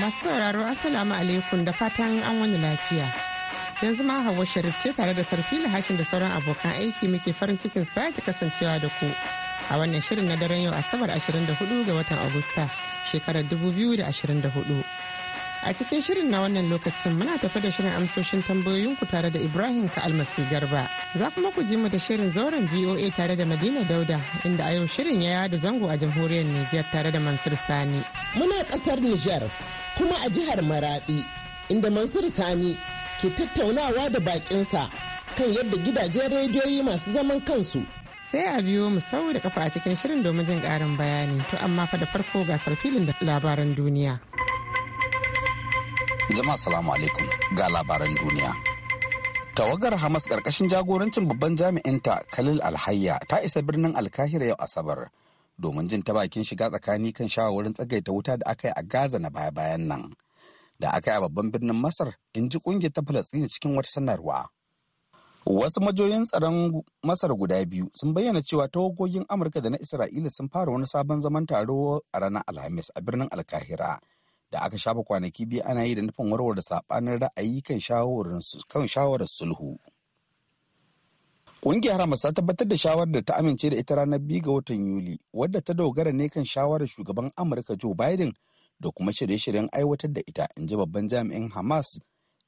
Masu sauraro Assalamu alaikum da fatan an wani lafiya. Yanzu ma Hauwa Sharif ce tare da Sarfi Lahashin da sauran abokan aiki muke farin cikin sake kasancewa da ku. A wannan shirin na daren yau Asabar 24 ga watan Agusta shekarar 2024. A cikin shirin na wannan lokacin muna tafi da shirin amsoshin tambayoyinku tare da Ibrahim ka almasi garba. Za kuma ku ji mu da shirin zauren VOA tare da Madina Dauda inda a yau shirin ya yada zango a jamhuriyar Nijar tare da Mansur Sani. Muna kasar Nijar kuma a jihar Maradi inda Mansur Sani ke tattaunawa da bakinsa kan yadda gidajen rediyoyi masu zaman kansu sai a biyo mu sau da kafa a cikin shirin domin jin karin bayani to amma fa da farko ga sarfilin da labaran duniya. Jama'a salamu alaikum ga labaran duniya. Tawagar Hamas ƙarƙashin jagorancin babban jami'in ta kalil Alhayya ta isa birnin Alkahira yau Asabar domin jin ta bakin shiga tsakani kan shawarwarin tsagaita wuta da aka yi a Gaza na baya-bayan nan. Da aka yi a babban birnin Masar in ji ƙungiyar ta falastini cikin wata sanarwa. Wasu majoyin tsaron Masar guda biyu sun bayyana cewa tawagogin Amurka da na Isra'ila sun fara wani sabon zaman taro a ranar Alhamis a birnin Alkahira da aka shafa kwanaki biyu ana yi da nufin warware saɓanin ra'ayi kan shawarar sulhu. Ƙungiyar Hamas ta tabbatar da shawarar da ta amince da ita ranar biyu ga watan Yuli, wadda ta dogara ne kan shawarar shugaban Amurka Joe Biden da kuma shirye-shiryen aiwatar da ita, in ji babban jami'in Hamas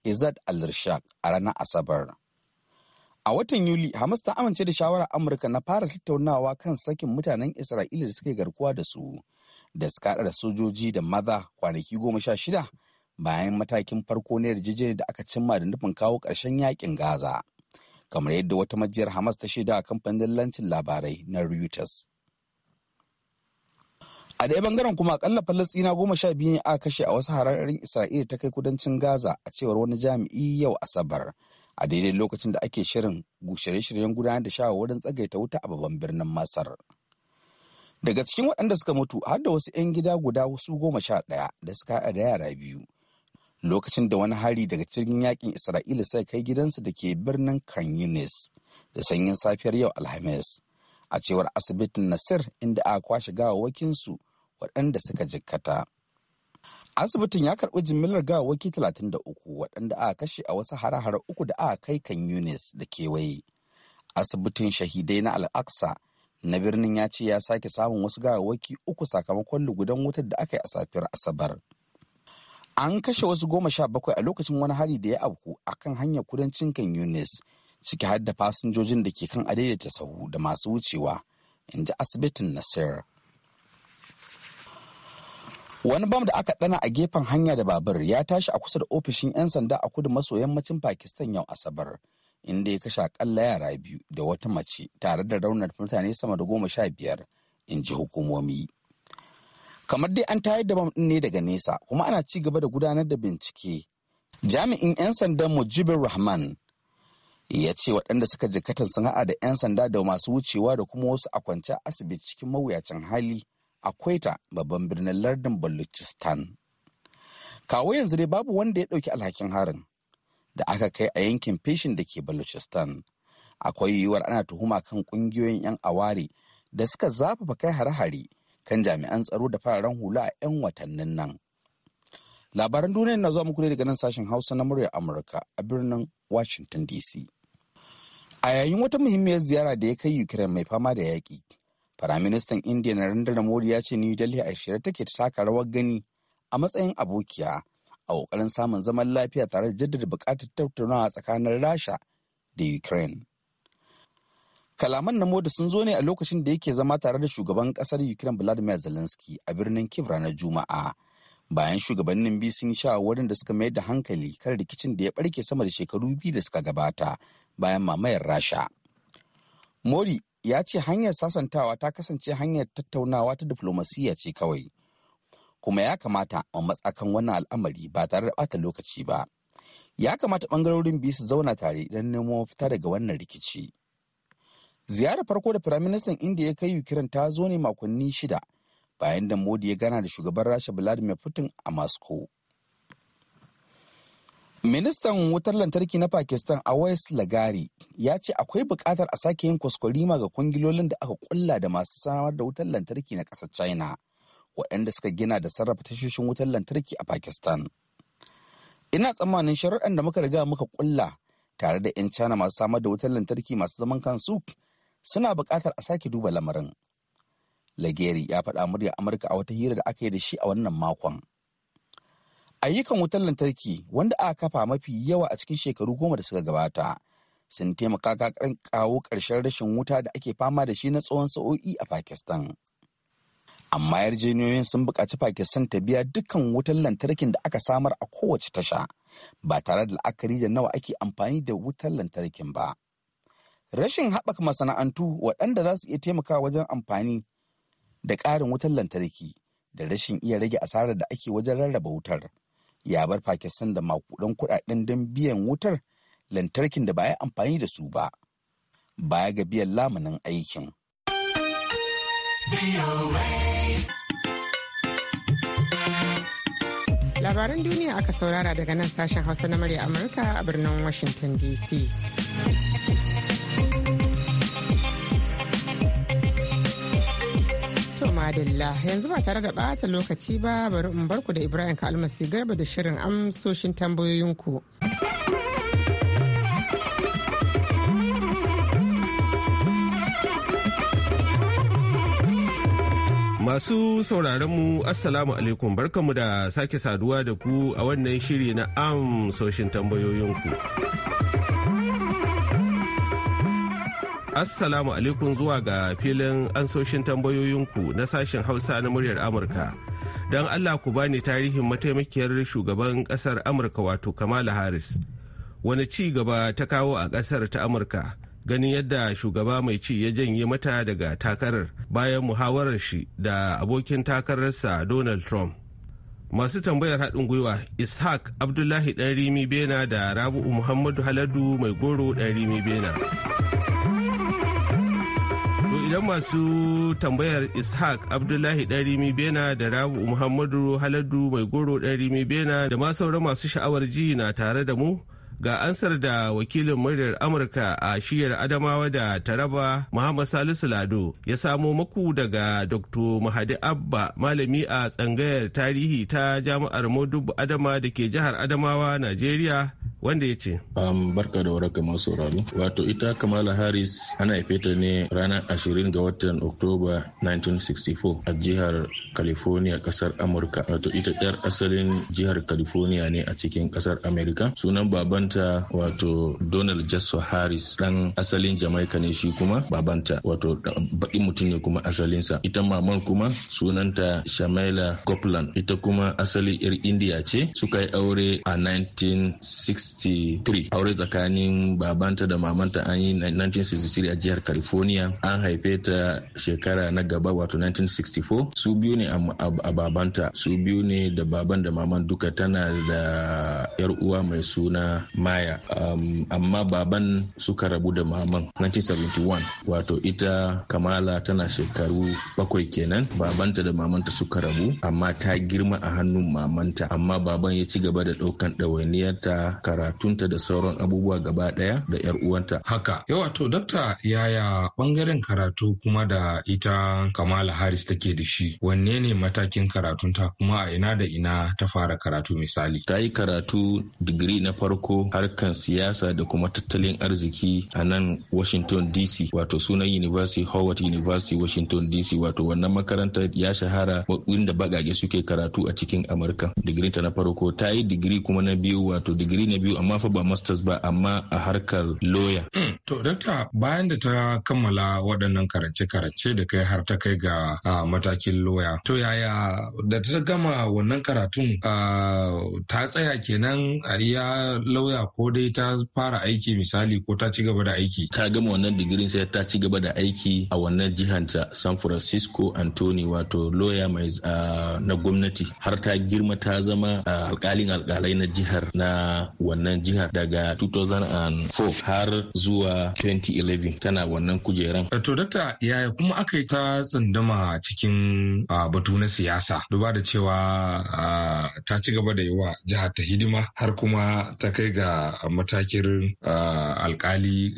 Izad al-Rishaq a ranar Asabar. A watan Yuli, Hamas ta amince da shawarar Amurka na fara tattaunawa kan sakin mutanen Isra'ila da suke garkuwa da su. da suka da sojoji da maza kwanaki goma sha shida bayan matakin farko na yarjejeniyar da aka cimma da nufin kawo ƙarshen yakin Gaza. Kamar yadda wata majiyar Hamas ta shaida a kamfanin lancin labarai na Reuters. A ɗaya bangaren kuma akalla Falasɗina goma sha biyu ne aka kashe a wasu hararin Isra'ila ta kai kudancin Gaza a cewar wani jami'i yau Asabar. A daidai lokacin da ake shirin shirye-shiryen gudanar da shawarwarin tsagaita wuta a babban birnin Masar. daga cikin waɗanda suka mutu har da wasu 'yan gida guda wasu goma sha ɗaya da suka haɗa da yara biyu lokacin da wani hari daga cikin yakin isra'ila sai kai gidansu da ke birnin kan yunis da sanyin safiyar yau alhamis a cewar asibitin nasir inda aka kwashe gawawakinsu waɗanda suka jikkata asibitin ya karɓi jimillar gawawaki uku, waɗanda aka kashe a wasu hare-hare uku da aka kai kan yunis da kewaye asibitin shahidai na al'aksa na birnin ya ce ya sake samun wasu gawawwaki uku sakamakon lugudan wutar da aka yi a safiyar asabar an kashe wasu goma sha bakwai a lokacin wani hari da ya auku a kan hanyar kudancin kan yunis ciki har da fasinjojin da ke kan adaidaita sahu da masu wucewa in ji asibitin nasir wani bam da aka dana a gefen hanya da babur ya tashi a kusa da ofishin 'yan sanda a kudu maso yammacin pakistan yau asabar inda ya kashe akalla yara biyu da wata mace tare da raunar mutane sama da goma sha biyar in ji hukumomi kamar dai an tayar da bam ne daga nesa kuma ana ci gaba da gudanar da bincike jami'in 'yan sandan mujibin rahman ya ce waɗanda suka jikatan sun haɗa da 'yan sanda da masu wucewa da kuma wasu a kwance asibiti cikin mawuyacin hali a kwaita babban birnin lardin balochistan kawo yanzu dai babu wanda ya ɗauki alhakin harin da aka kai a yankin feshin da ke Balochistan. Akwai yiwuwar ana tuhuma kan kungiyoyin 'yan aware da suka zafafa kai hare-hare kan jami'an tsaro da fararen hula a 'yan watannin nan. Labaran duniya na zuwa muku ne daga nan sashen Hausa na muryar Amurka a birnin Washington DC. A yayin wata muhimmiyar ziyara da ya kai Ukraine mai fama da yaƙi, Firaministan Indiya Narendra Modi ya ce New Delhi a shirye take ta taka rawar gani a matsayin abokiya a ƙoƙarin samun zaman lafiya tare da jaddada buƙatar tattaunawa tsakanin rasha da ukraine kalaman na moda sun zo ne a lokacin da yake zama tare da shugaban ƙasar ukraine vladimir zelensky a birnin kiev ranar juma'a bayan shugabannin biyu sun sha wurin da suka mayar da hankali kan rikicin da ya barke sama da shekaru biyu da suka gabata bayan mamayar rasha mori ya ce hanyar sasantawa ta kasance hanyar tattaunawa ta diflomasiyya ce kawai kuma ya kamata a matsakan wannan al'amari ba tare da bata lokaci ba ya kamata bangarorin biyu su zauna tare idan nemo fita daga wannan rikici ziyarar farko da firaministan India ya kai ukraine ta zo ne makonni shida bayan da modi ya gana da shugaban rasha vladimir putin a moscow ministan wutar lantarki na pakistan awais lagari ya ce akwai buƙatar a sake yin kwaskwarima ga kwangilolin da aka kulla da masu samar da wutar lantarki na ƙasar china waɗanda suka gina da sarrafa tashoshin wutar lantarki a Pakistan. Ina tsammanin shari'ar da muka riga muka kulla tare da 'yan China masu samar da wutar lantarki masu zaman kansu suna buƙatar a sake duba lamarin. Lageri ya faɗa murya Amurka a wata hira da aka yi da shi a wannan makon. Ayyukan wutar lantarki wanda aka kafa mafi yawa a cikin shekaru goma da suka gabata sun taimaka kawo ƙarshen rashin wuta da ake fama da shi na tsawon sa'o'i a Pakistan. amma yarjejeniyoyin sun buƙaci pakistan ta biya dukkan wutar lantarkin da aka samar a kowace tasha ba tare da la'akari da nawa ake amfani da wutar lantarkin ba rashin haɓaka masana'antu waɗanda za su iya taimakawa wajen amfani da ƙarin wutar lantarki da rashin iya rage asarar da ake wajen rarraba wutar ya bar pakistan da makudan kuɗaɗen don biyan wutar lantarkin da ba ya amfani da su ba baya ga biyan lamunin aikin Labaran duniya aka saurara daga nan sashen Hausa na murya Amurka a birnin Washington DC. madalla yanzu ba tare da bata lokaci ba bari in barku da ibrahim kalmasi garba da shirin amsoshin tambayoyinku. Masu sauraronmu Assalamu alaikum barkanmu da sake saduwa da ku a wannan shiri na amsoshin tambayoyinku. Assalamu alaikum zuwa ga filin ansoshin tambayoyinku na sashen Hausa na muryar Amurka. Don Allah ku bani tarihin mataimakiyar shugaban ƙasar Amurka wato Kamala Harris. Wani ci gaba ta kawo a ƙasar ta Amurka. ganin yadda shugaba mai ci ya janye mata daga takarar bayan muhawarar shi da abokin takararsa donald trump masu tambayar haɗin gwiwa ishaq abdullahi ɗan rimi bena da rabu'u muhammadu haladu mai goro ɗan rimi bena idan masu tambayar ishaq abdullahi ɗan rimi bena da rabu'u muhammadu haladu mai goro ɗan rimi bena da ma sauran masu sha'awar ji na tare da mu ga ansar da wakilin muryar amurka a shiyar adamawa da taraba muhammad salisu lado ya samo maku daga dr mahadi abba malami a tsangayar tarihi ta jami'ar modubu adama da ke jihar adamawa najeriya wanda ya ce barka da waraka masu wato ita kamala harris ana haife ne ranar 20 ga watan oktoba 1964 a jihar california kasar amurka wato ita yar asalin jihar california ne a cikin kasar Amurka, sunan baban babanta wato Donald jesso Harris dan asalin Jamaica ne shi kuma babanta wato baƙin mutum ne kuma asalinsa. Ita mamar kuma sunanta Shamaila Copeland ita kuma asali 'yar India ce suka yi aure a 1963 aure tsakanin babanta da mamanta an yi 1963 a jihar California an haife ta shekara na gaba wato 1964 su biyu ne a babanta su biyu ne da baban da maman duka tana da 'yar uwa mai suna maya um, amma baban suka rabu da maman 1971 wato ita kamala tana shekaru bakwai kenan babanta da mamanta suka rabu amma ta girma a hannun mamanta amma baban ya ci gaba da ɗaukan ɗawainiyarta karatunta da sauran abubuwa gaba ɗaya da yar uwanta haka yau eh, wato dakta yaya bangaren karatu kuma da ita kamala harris take da shi wanne ne matakin karatunta kuma a ina da ina ta fara karatu misali ta yi karatu digiri na farko harkar harkan siyasa da kuma tattalin arziki a nan washington dc wato sunan university howard university washington dc wato wannan makarantar ya shahara inda baƙaƙe suke karatu a cikin amurka digiri ta na farko ta yi digiri kuma na biyu wato digiri na biyu amma fa ba masters ba amma a harkar lawyer to dakta bayan da ta kammala waɗannan karace-karace da kai har ta kai ga matakin lawyer to yaya da ta gama wannan karatun ta tsaya kenan a iya lawyer lauya ko dai ta fara aiki misali ko ta ci gaba da aiki ta gama wannan digirin sai ta ci gaba da aiki a wannan jihanta san francisco anthony wato lauya mai ah, na gwamnati har ta girma ta zama ah, alkalin alkalai na jihar na wannan jihar daga 2004 har zuwa 2011 tana wannan kujeran to dakta yaya kuma aka yi ta tsandama cikin ah, batu na siyasa duba da cewa ta ci gaba da yi jihar ta hidima har kuma ta kai ga da matakin alkali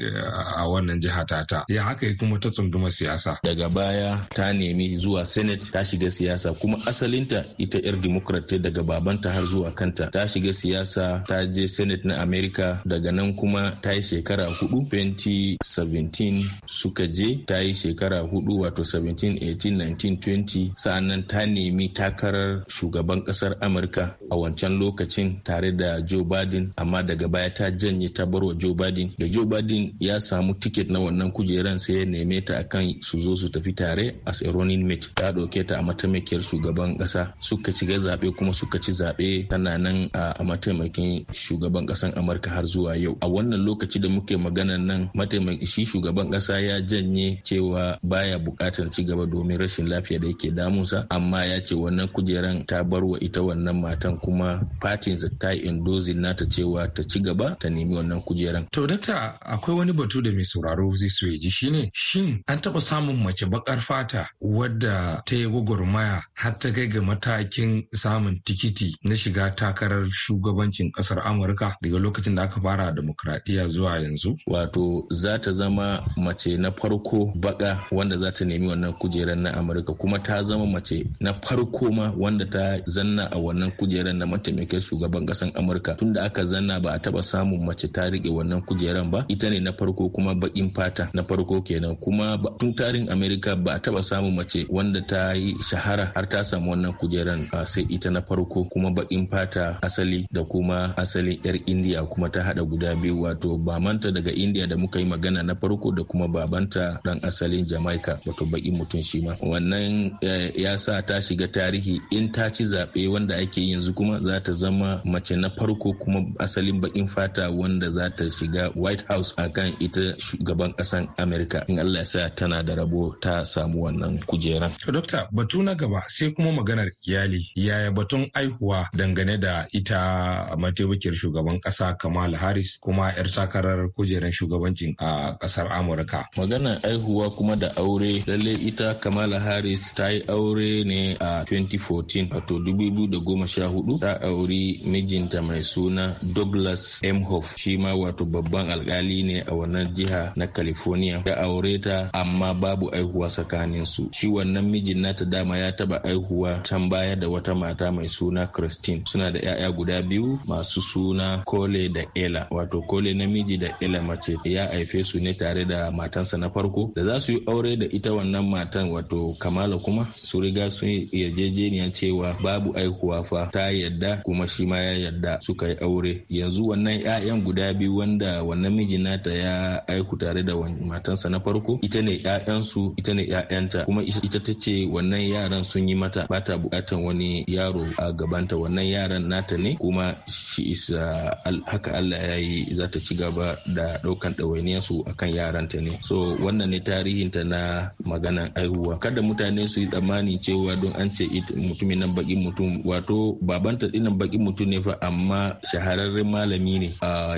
a wannan jiha ta ta. ya haka kuma ta tsunduma siyasa daga baya ta nemi zuwa senate ta shiga siyasa kuma asalinta ita yar democrat daga babanta har zuwa kanta ta shiga siyasa ta je senate na america daga nan kuma ta yi shekara hudu 2017 suka je ta yi shekara hudu wato 17 18 19 20 sa'annan ta nemi takarar shugaban kasar amurka a wancan lokacin tare da joe biden amma da daga baya ta janye ta barwa Joe Biden da Joe Biden ya samu tiket na wannan kujeran sai ya neme ta akan su zo su tafi tare a running mate ta dauke ta a mataimakiyar shugaban kasa suka ci zabe kuma suka ci zaɓe tana nan a mataimakin shugaban kasan Amurka har zuwa yau a wannan lokaci da muke magana nan mataimakin shi shugaban kasa ya janye cewa baya bukatar ci gaba domin rashin lafiya da yake damunsa amma ya ce wannan kujeran ta barwa ita wannan matan kuma fatinsa ta yi endozin nata cewa ta ci gaba ta nemi wannan kujeran. To dakta akwai wani batu da mai sauraro zai so ya ji shine shin an taɓa samun mace baƙar fata wadda ta yi gwagwarmaya har ta kai ga matakin samun tikiti na shiga takarar shugabancin kasar Amurka daga lokacin da aka fara demokradiyya zuwa yanzu? Wato za ta zama mace na farko baƙa wanda za ta nemi wannan kujeran na Amurka kuma ta zama mace na farko ma wanda ta zanna a wannan kujeran na mataimakin shugaban ƙasar Amurka tunda aka zanna ba a taba samun mace ta rike wannan kujeran ba ita ne na farko kuma bakin fata na farko kenan kuma tun tarin america ba a taba samun mace wanda ta yi shahara har ta samu wannan kujeran sai ita na farko kuma bakin fata asali da kuma asalin yar india kuma ta hada guda biyu wato bamanta daga india da muka yi magana na farko da kuma babanta dan asalin jamaica wato bakin mutum shi ma wannan eh, ya sa ta shiga tarihi in ta ci zaɓe wanda ake yanzu kuma za ta zama mace na farko kuma asalin bakin fata wanda za ta shiga white house akan ita shugaban kasan america in allah ya sa tana da rabo ta samu wannan kujeran dokta batu na gaba sai kuma maganar iyali yaya batun aihuwa dangane da ita mataimakiyar shugaban ƙasa kamala harris kuma yar takarar kujeran shugabancin a ƙasar amurka maganar aihuwa kuma da aure lalle ita kamala harris ta yi aure ne a 2014 wato 2014 ta auri mijinta mai suna douglas Douglas M. Hoff shi ma wato babban alkali ne a wannan jiha na California ya aure ta amma babu aihuwa tsakanin su. Shi wannan mijin nata dama ya taba aihuwa can baya da wata mata mai suna Christine. Suna da 'ya'ya guda biyu masu suna Cole da Ella wato Cole namiji da Ella mace ya haife su ne tare da matansa na farko da za su yi aure da ita wannan matan wato Kamala kuma su riga sun yarjejeniya cewa babu aihuwa fa ta yadda kuma shi ma ya yadda suka yi aure yanzu yanzu wannan 'ya'yan guda biyu wanda wannan miji nata ya aiku tare da matansa na farko ita ne 'ya'yansu ita ne 'ya'yanta kuma ita ta ce wannan yaran sun yi mata ba ta bukatan wani yaro a gabanta wannan yaran nata ne kuma shi isa haka Allah ya yi za ta ci gaba da ɗaukan ɗawainiyar ɗawainiyarsu akan yaranta ne so wannan ne ta na maganan aihuwa kada mutane su yi tsammani cewa don an ce mutumin nan baki mutum wato babanta dinnan baki mutum ne fa amma shahararren malami ne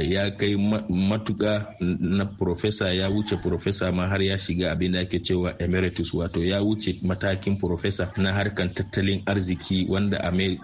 ya kai matuka na profesa ya wuce profesa ma har ya shiga abin da ake cewa emeritus wato ya wuce matakin profesa na harkan tattalin arziki wanda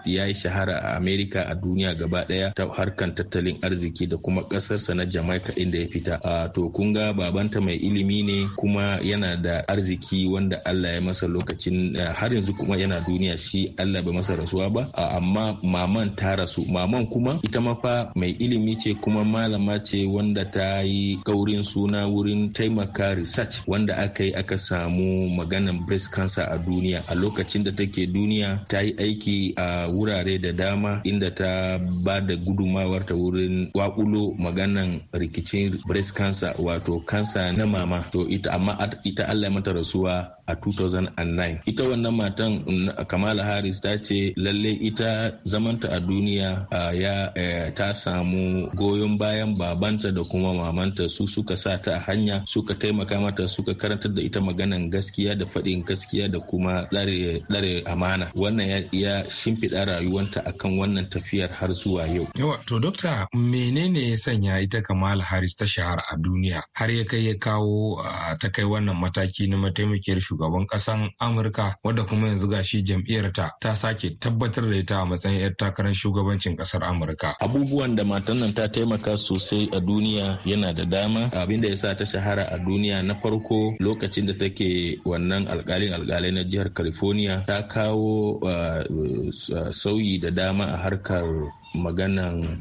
ya yi shahara a amerika a duniya gaba daya ta harkan tattalin arziki da kuma kasarsa na jamaica inda ya fita to kunga babanta mai ilimi ne kuma yana da arziki wanda allah ya masa lokacin har yanzu kuma yana duniya shi allah bai masa rasuwa ba amma maman ta rasu maman kuma ita mafa fa mai ilimi ce kuma malama ce wanda ta yi gaurin suna wurin taimaka research wanda aka yi aka samu maganan breast cancer a duniya a lokacin da take duniya ta yi aiki a wurare da dama inda ta ba da gudumawar ta wurin wakulo maganan rikicin breast cancer wato kansa na mama to ita amma ita Allah mata rasuwa a 2009 ita wannan matan kamala harris ta ce lalle ita zamanta a duniya ya e, ta samu goyon bayan babanta da kuma mamanta su suka sa ta a hanya suka taimaka mata suka karantar da ita maganan gaskiya da faɗin gaskiya da kuma tsare amana wannan ya shimfiɗa rayuwanta akan wannan tafiyar har zuwa yau. Yawa to dokta menene ya sanya ita Kamal Harris ta shahara a duniya har ya kai ya kawo ta kai wannan mataki na mataimakiyar shugaban kasan amurka wadda kuma yanzu gashi jam'iyyarta ta sake tabbatar da ita a matsayin 'yar takarar shugabancin kasar amurka abubuwan da matan nan ta taimaka sosai a duniya yana da dama abin da ya sa ta shahara a duniya na farko lokacin da take wannan alkalin alkalai na jihar california ta kawo uh, uh, sauyi da dama a harkar maganan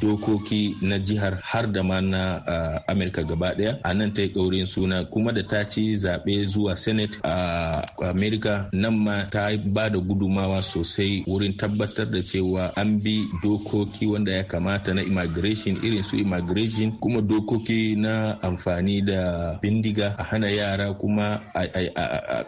dokoki na jihar har da ma na amurka gaba daya a nan ta yi ƙaurin suna kuma da ta ci zaɓe zuwa senet a amurka nan ma ta ba da gudumawa sosai wurin tabbatar da cewa an bi dokoki wanda ya kamata na immigration irin su immigration kuma dokoki na amfani da bindiga a hana yara kuma a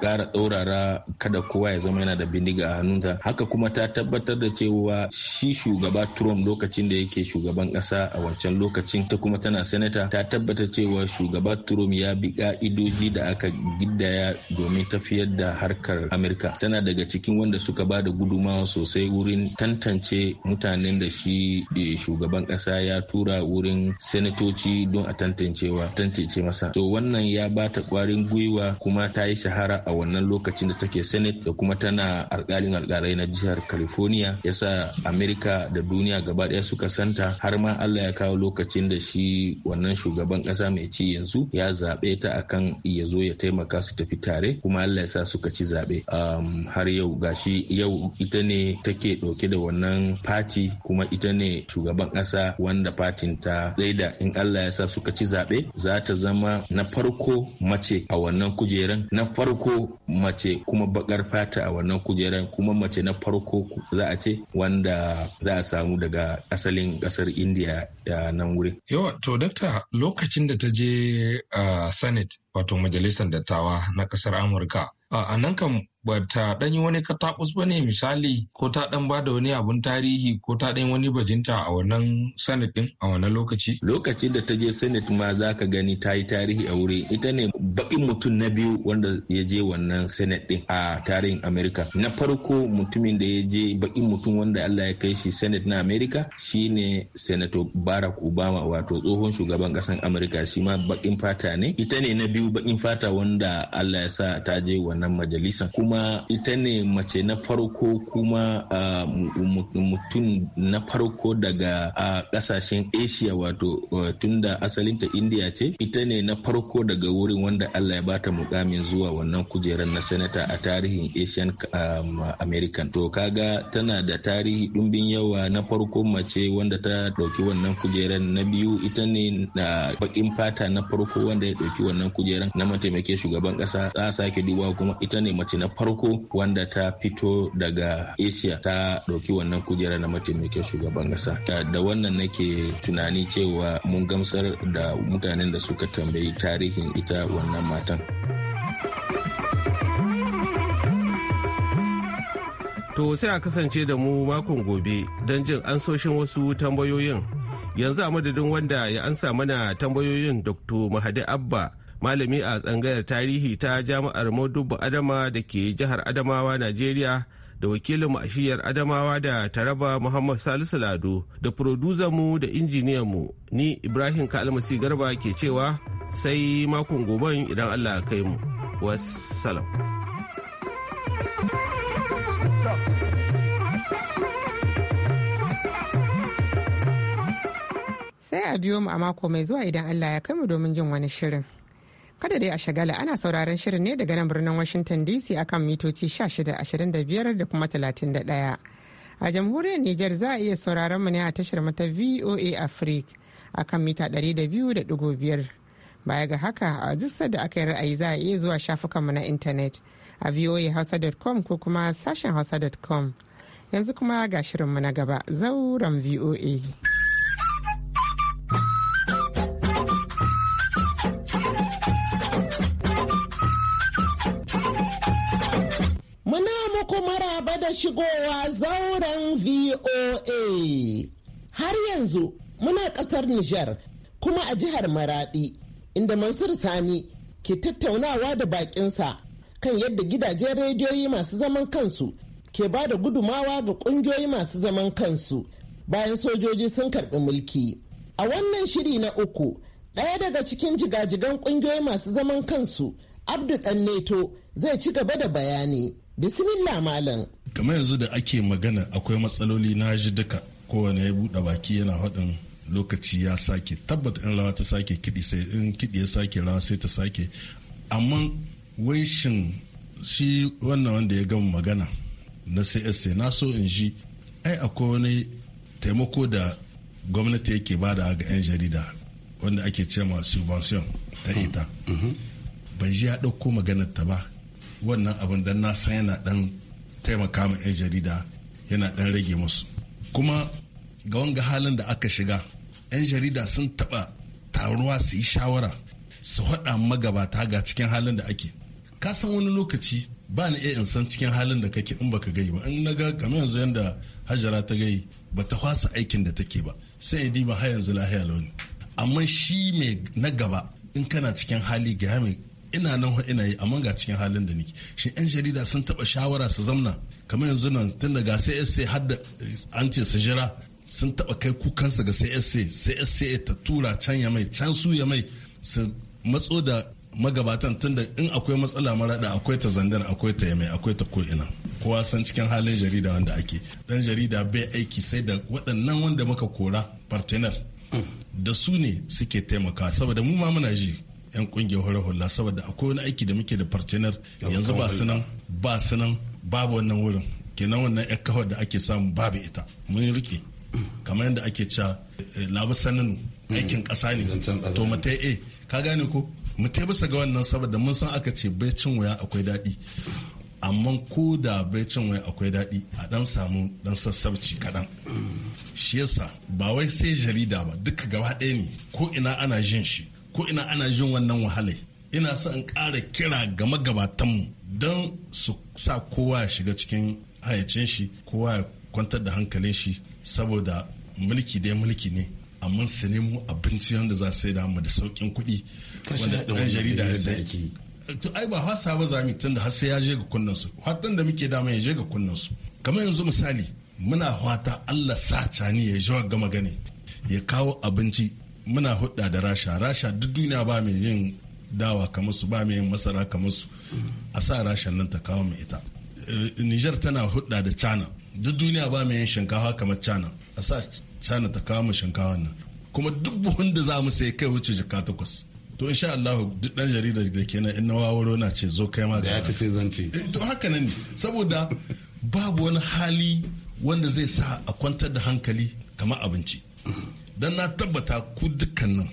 ƙara ɗaurara kada kowa ya zama yana da bindiga a hannunta haka kuma ta tabbatar da cewa shi shugaba trump lokacin lokacin da yake shugaban kasa a wancan lokacin ta kuma tana sanata ta tabbata cewa shugaba Trump ya bi ka'idoji da aka giddaya domin tafiyar da harkar Amurka. Tana daga cikin wanda suka ba da gudumawa sosai wurin tantance mutanen da shi eh, shugaban kasa ya tura wurin senatoci don a tantancewa tantance masa. To wannan ya ba ta kwarin gwiwa kuma ta yi shahara a wannan lokacin da take Senate da kuma tana alkalin alkalai na jihar California yasa Amerika da duniya gaba ɗaya suka santa har ma Allah ya kawo lokacin da shi wannan shugaban ƙasa mai ci yanzu ya zaɓe ta akan ya zo ya taimaka su tafi tare kuma Allah ya sa suka ci zaɓe um, har yau gashi yau ita ne take ɗauke da wannan fati kuma ita ne shugaban ƙasa wanda fatin ta da in Allah ya sa suka ci zaɓe za ta zama na farko mace a wannan kujeran na farko mace kuma bakar fata a wannan kujeran kuma mace na farko za a ce wanda za a samu daga asalin kasar India da nan wurin. Yawa, to dakta lokacin da ta je a Senate wato majalisar dattawa na kasar Amurka. A nan kan ba ta ɗan yi wani katakus ba ne misali ko ta ɗan ba da wani abun tarihi ko ta ɗan wani bajinta a wannan senate ɗin a wannan lokaci? Lokaci da ta je senate ma za ka gani ta yi tarihi a wuri ita ne baƙin mutum na biyu wanda ya je wannan senate ɗin a tarihin Amerika. Na farko mutumin da ya je baƙin mutum wanda Allah ya kai shi senate na Amerika shine Senator Barak Obama wato tsohon shugaban ƙasan Amerika shi ma baƙin fata ne. Ita ne na biyu baƙin fata wanda Allah ya sa ta je wannan majalisa. Kuma kuma ita ne mace na farko kuma mutum na farko daga kasashen asia wato tun da asalinta india ce ita ne na farko daga wurin wanda allah ya bata mukamin zuwa wannan kujerar na senator a tarihin asian american to kaga tana da tarihi dumbin yawa na farko mace wanda ta ɗauki wannan kujerar na biyu ita ne na bakin fata na farko wanda ya ɗauki wannan kujerar na mataimakin shugaban ƙasa za a sake duba kuma ita ne mace na farko wanda ta fito daga asia ta ɗauki wannan kujera na mataimakin shugaban ƙasa da wannan nake tunani cewa mun gamsar da mutanen da suka tambayi tarihin ita wannan matan To sai a kasance da mu makon gobe don jin ansoshin wasu tambayoyin. Yanzu a madadin wanda ya ansa mana tambayoyin Dr. Mahadi Abba malami a tsangayar tarihi ta jami'ar Modubu Adama da ke jihar Adamawa, Najeriya da wakilin ashiyar Adamawa da Taraba Muhammad Salisu Lado da mu da injiniyanmu ni Ibrahim Kalmasi Garba ke cewa sai makon goben idan Allah kai mu. Wassalam. sai a biyo mu a mako mai zuwa idan Allah ya kai mu domin jin wani shirin. Kada dai a shagala ana sauraron shirin ne daga nan birnin Washington DC akan mitoci 1625 da kuma 31. A jamhuriyar Nijar za a iya sauraron mu ne a tashar mata VOA Africa akan mita 200.5. Baya ga haka a zissa da aka yi ra'ayi za a iya zuwa shafukanmu na intanet a voahausa.com ko kuma sashen hausa.com. Yanzu kuma ga shirinmu na gaba zauren VOA. shigowa zauren VOA. Har yanzu muna ƙasar Nijar kuma a jihar Maraɗi, inda Mansur Sani ke tattaunawa da bakinsa kan yadda gidajen rediyoyi masu zaman kansu ke ba da gudumawa ga ƙungiyoyi masu zaman kansu bayan sojoji sun karɓi mulki. A wannan shiri na uku, ɗaya daga cikin jigajigan ƙungiyoyi masu zaman kansu, Abdu Ɗanneto zai ci gaba da bayani. Bismillah Malam. kamar yanzu da ake magana akwai matsaloli na ji duka kowane ya buɗe baki yana haɗin lokaci ya sake tabbata in rawa ta sake kiɗi sai in kiɗi ya sake rawa sai ta sake amma wai shi wannan wanda ya gama magana na csc na so in ji ai akwai wani taimako da gwamnati yake bada ga 'yan jarida wanda ake ce ma subvention ta hmm. ita mm-hmm. ban ji ya ɗauko maganar ta ba wannan abin dan na san yana dan taimaka ma 'yan jarida yana ɗan rage musu kuma ga wanga halin da aka shiga 'yan jarida sun taɓa taruwa su yi shawara su haɗa magabata ga cikin halin da ake ka san wani lokaci ba ni iya in san cikin halin da kake in baka gai ba in na ga kamar yanzu yanda hajara ta gai ba ta fasa aikin da take ba sai dima har yanzu lahiya launi amma shi mai na gaba in kana cikin hali ga mai ina nan ina yi amma ga cikin halin da nake shi yan jarida sun taba shawara su zamna kamar yanzu nan tun daga CSA har da eh, an ce su jira sun taba kai kukansa ga CSA CSA ta tura can ya mai can su ya mai su matso da magabatan tun da in akwai matsala mara da akwai ta zandar akwai ta yamai akwai ta ko'ina kowa san cikin halin jarida wanda ake dan jarida bai aiki sai da waɗannan wanda muka kora partner mm. da su ne suke taimaka saboda mu ma muna ji 'yan kungiyar hore hula saboda akwai wani aiki da muke da partner yanzu ba sanan ba sanan babu wannan wurin kenan wannan yan kawar da ake samu babu ita mun rike kamar yadda ake cewa eh, labu sanin mm. aikin ƙasa ne to mata e eh, ka gane ko mu bisa ga wannan saboda mun san aka ce bai cin wuya akwai daɗi amma ko da bai cin waya akwai daɗi a dan samu dan sassabci kaɗan mm. shi yasa ba wai sai jarida ba duka gaba ɗaya ne ko ina ana jin shi ko ina ana jin wannan wahalai ina son in ƙara kira ga magabatanmu don su sa kowa ya shiga cikin hayacin shi kowa ya kwantar da hankalin shi saboda mulki dai mulki ne amma su nemo abinci wanda za su da mu da saukin kuɗi wanda ɗan jarida ya sai to ai ba hasa ba zami tun da hasa ya je ga kunnan su hatan da muke dama ya je ga kunnan su kamar yanzu misali muna fata Allah sa cani ya ji gama gane ya kawo abinci muna hudda da rasha rasha duk duniya ba mai yin dawa kamar su ba mai yin masara kamar su a sa rasha nan ta kawo mai ita eh, niger tana hudda da china duk duniya ba mai yin shinkawa kamar china a sa china ta kawo mu shinkawa nan kuma duk buhun da za mu sai kai wuce jika takwas to insha Allah duk dan jaridar da kenan in na wawaro na ce zo kai ma ga ya ce sai eh, zance to haka nan ne saboda babu wani hali wanda zai sa a kwantar da hankali kamar abinci don na tabbata ku dukkanin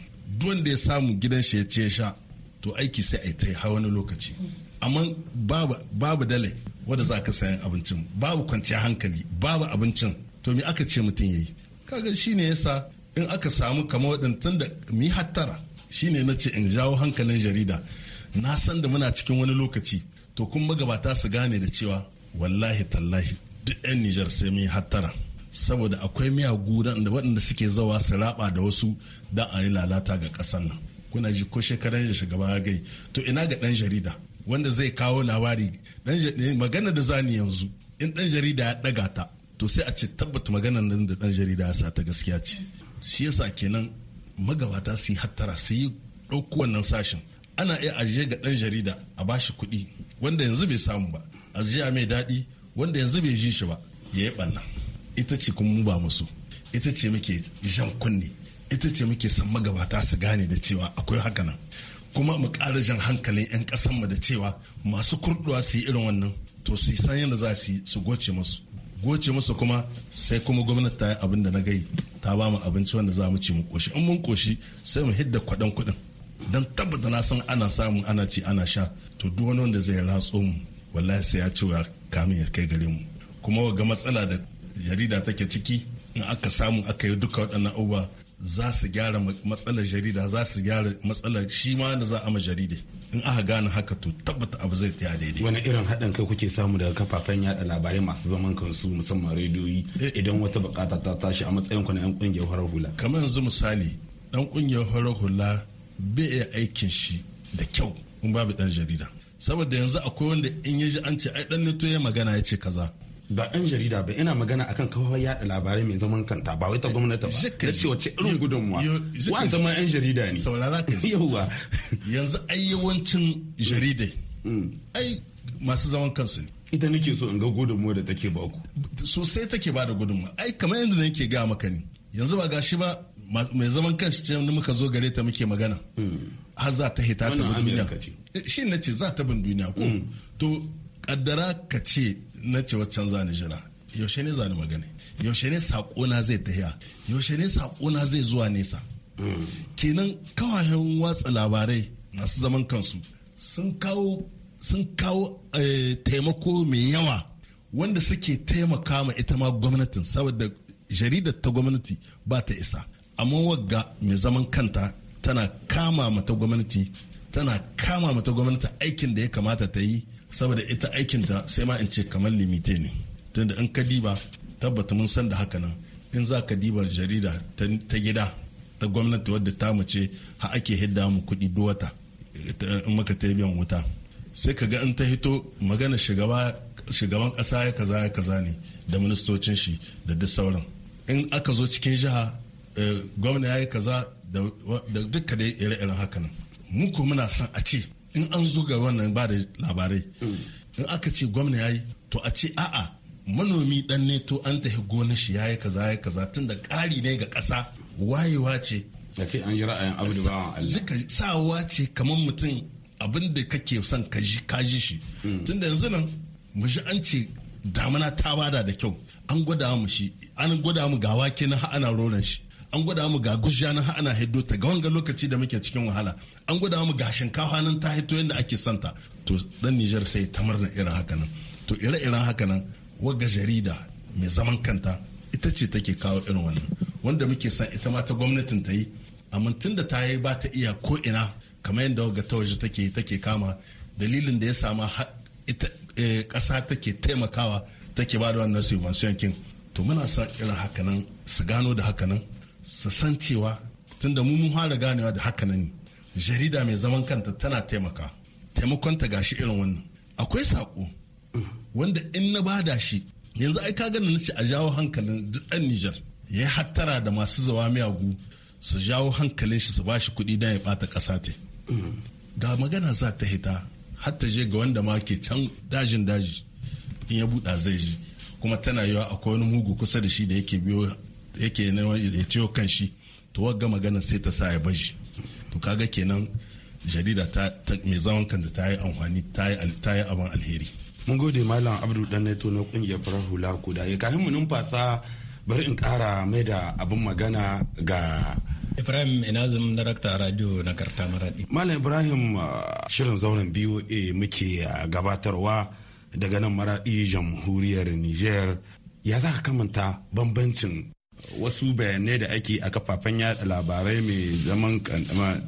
wanda ya samu gidan shi ya ce sha to aiki sai a ta ha wani lokaci amma babu dale wadda za ka sayan abincin babu kwanciyar hankali babu abincin to me aka ce mutum yayi kaga shi ne yasa in aka samu kamar waɗantun da mi hattara shi ne na ce in jawo hankalin jarida na san da muna cikin wani lokaci to kun magabata su gane da cewa wallahi tallahi duk 'yan nijar sai mi hattara saboda akwai miya miyagu da waɗanda suke zawa su raba da wasu don a yi lalata ga ƙasar nan kuna ji ko shekaran shiga shugaba gai to ina ga ɗan jarida wanda zai kawo labari eh, magana da zani yanzu in ɗan jarida ya ɗaga ta to sai a ce tabbata maganar nan da ɗan jarida ya sa ta gaskiya ce shi yasa kenan magabata su yi hattara su yi ɗauko wannan sashen ana iya ajiye ga ɗan jarida a bashi kuɗi wanda yanzu bai samu ba ajiya mai daɗi wanda yanzu bai ji shi ba ya yi ɓanna ita ce kuma mu ba musu ita ce muke jan kunne ita ce muke san magabata su gane da cewa akwai haka nan kuma mu ƙara jan hankalin 'yan mu da cewa masu kurɗuwa su yi irin wannan to su san yadda za su yi su goce musu goce musu kuma sai kuma gwamnati ta yi abin da na gai ta ba mu abinci wanda za mu ci mu koshi in mun koshi sai mu hidda kwaɗan kuɗin don tabbata na san ana samun ana ci ana sha to duk wani wanda zai ratso mu wallahi sai ya ce wa kamin ya kai gare mu kuma ga matsala da jarida take ciki in aka samu aka yi duka waɗannan abubuwa za su gyara matsalar jarida za su gyara matsalar shi ma da za a ma jarida in aka gane haka to tabbata abu zai tiya daidai wani irin haɗin kai kuke samu daga kafafen yada labarai masu zaman kansu musamman rediyoyi eh. idan wata bukata ta tashi a matsayin ku na yan kungiyar farar hula kamar yanzu misali dan kungiyar farar hula bai iya aikin shi da kyau in babu dan jarida saboda yanzu akwai wanda in ya ji an ce ai dan ne to ya magana ya ce kaza ba ɗan jarida ba ina magana akan kawai yada labarai mai zaman kanta ba wai ta gwamnati ba ta ce wace irin gudunmuwa wa zama yan jarida ne saurara ka yauwa yanzu ai yawancin jaridai mm. ai masu zaman kansu ne ita nake so in ga gudunmuwa da take ba ku sosai take ba da gudunmuwa ai kamar yadda nake ga maka ne yanzu ba gashi ba mai zaman kanshi ce muka zo gare ta muke magana mm. har za ta hita ta bin duniya eh, shi na ce za ta bin duniya ko mm. to kaddara ka ce na ce waccan zani jira yaushe ne zani magana yaushe ne sakona zai tahiya yaushe ne sakona zai zuwa nesa kenan kawayen watsa labarai masu zaman kansu sun kawo sun kawo eh, taimako mai yawa wanda suke taimaka ma ita ma gwamnatin saboda jaridar ta gwamnati ba ta isa amma wagga mai zaman kanta tana kama mata gwamnati tana kama mata gwamnati aikin da ya kamata ta yi saboda ita aikinta sai ma in ce kamar limite ne tunda in ka diba tabbata mun san da haka nan in za ka diba jarida ta gida ta gwamnati wadda ta mace ha ake hidda mu kuɗi duwata in maka ta biyan wuta sai ka ga in ta hito magana shugaban ƙasa ya kaza ya kaza ne da ministocin shi da duk sauran in aka zo cikin jiha eh, gwamna ya yi kaza da duka ire-iren hakanan muku muna son a ce in an zo ga wannan ba da labarai mm. in aka ce gwamna ya yi to a ce a'a manomi dan ne to an tafi gonar shi ya yi kaza ya kaza tun da ƙari ne ga ƙasa wayewa ce ya ce an yi ra'ayin abu da bawan Allah sawa ce kamar mutum abin da kake son ka ji shi mm. tun da yanzu nan mu shi an ce damana ta bada da kyau an gwada mu shi an gwada mu ga wake na ana ronan shi an gwada mu ga gujja na ana hiddo ta ga wanga lokaci da muke cikin wahala an gwada mu ga shinkafa nan ta hito yadda ake santa to dan Nijar sai ta murna irin haka nan to ire-iren haka nan wagga jarida mai zaman kanta ita ce take kawo irin wannan wanda muke san ita ma ta gwamnatin ta yi amma tun da ta yi ba ta iya ko ina kamar yadda wagga ta waje take take kama dalilin da ya sama ita eh, ƙasa take taimakawa take ba da wannan subvention yankin. to muna san irin hakanan su gano da hakanan su san cewa tunda mu mun fara ganewa da hakanan ne jarida mai zaman kanta tana taimaka Taimakon ta gashi irin wannan akwai sako wanda in na bada shi yanzu ai kaga na nace a jawo hankalin duk ɗan Nijar ya hattara da masu zawa miyagu su jawo hankalin shi su ba shi kuɗi don ya ɓata ƙasa ta ga magana za ta hita har ta je ga wanda ma ke can dajin daji in ya buɗa zai ji kuma tana yiwa akwai wani mugu kusa da shi da yake biyo yake ya ciyo kan shi to wagga magana sai ta sa ya baji to kaga kenan jarida ta mai zaman kanta ta yi amfani ta yi abin alheri mun gode malam abdu danneto na kungiyar farar hula kuda ya kafin mu numfasa bari in kara mai da abin magana ga Ibrahim Inazum Darakta Radio na Karta Maradi. Malam Ibrahim uh, shirin zauren BOA muke uh, gabatarwa daga nan Maradi jamhuriyar Niger. Ya za ka kamanta bambancin wasu bayanai da ake a kafafen yada labarai mai zaman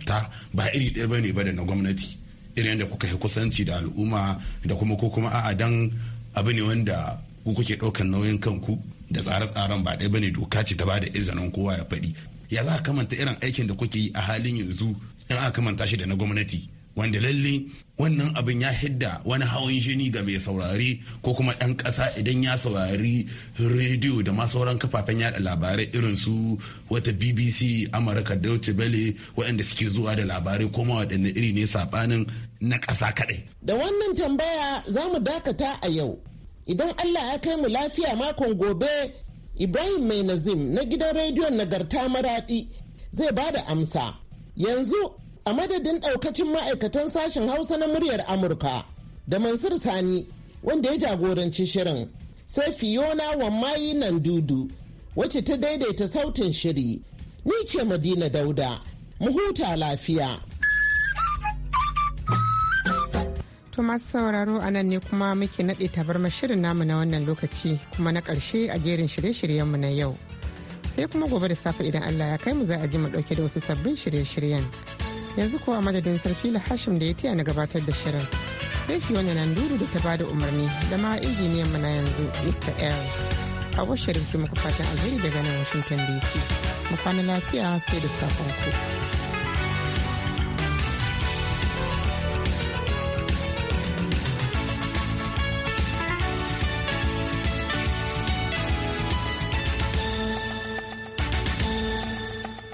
ta ba iri ɗaya ba ne ba da na gwamnati irin da kuka yi kusanci da al'umma da kuma ko kuma a'a dan abu ne wanda ku kuke ɗaukar nauyin kanku da tsare-tsaren ba ɗaya ba ne doka ce ta ba da izinin kowa ya faɗi ya za ka kamanta irin aikin da kuke yi a halin yanzu in aka kamanta shi da na gwamnati wanda lalle wannan abin ya hidda wani hawan jini ga mai saurari ko kuma ɗan ƙasa idan ya saurari rediyo da ma sauran kafafen yada labarai irin su wata bbc amurka deutsche waɗanda suke zuwa da labarai kuma waɗanne iri ne saɓanin na ƙasa kaɗai. da wannan tambaya za mu dakata a yau idan allah ya kai mu lafiya makon gobe ibrahim mai nazim na gidan rediyon nagarta maraɗi zai ba da amsa yanzu a madadin daukacin ma'aikatan sashen hausa na muryar amurka da mansur sani wanda ya jagoranci shirin sai fiona wammayi nan dudu wacce ta daidaita sautin shiri ni ce madina dauda mu huta lafiya To sauraro a nan ne kuma muke naɗe tabarma shirin namu na wannan lokaci kuma na ƙarshe a jerin shirye-shiryenmu na yau. Sai kuma gobe da safe idan Allah ya kai mu za a ji mu ɗauke da wasu sabbin shirye-shiryen. yanzu kuwa madadin sarfi na hashim da ya tiya na gabatar da shirin sai fi wani nan duru da ta bada umarni da ma injiniyan mu na yanzu mr l a washe muku fatan alheri daga nan washington dc mu kwana lafiya sai da safon ku.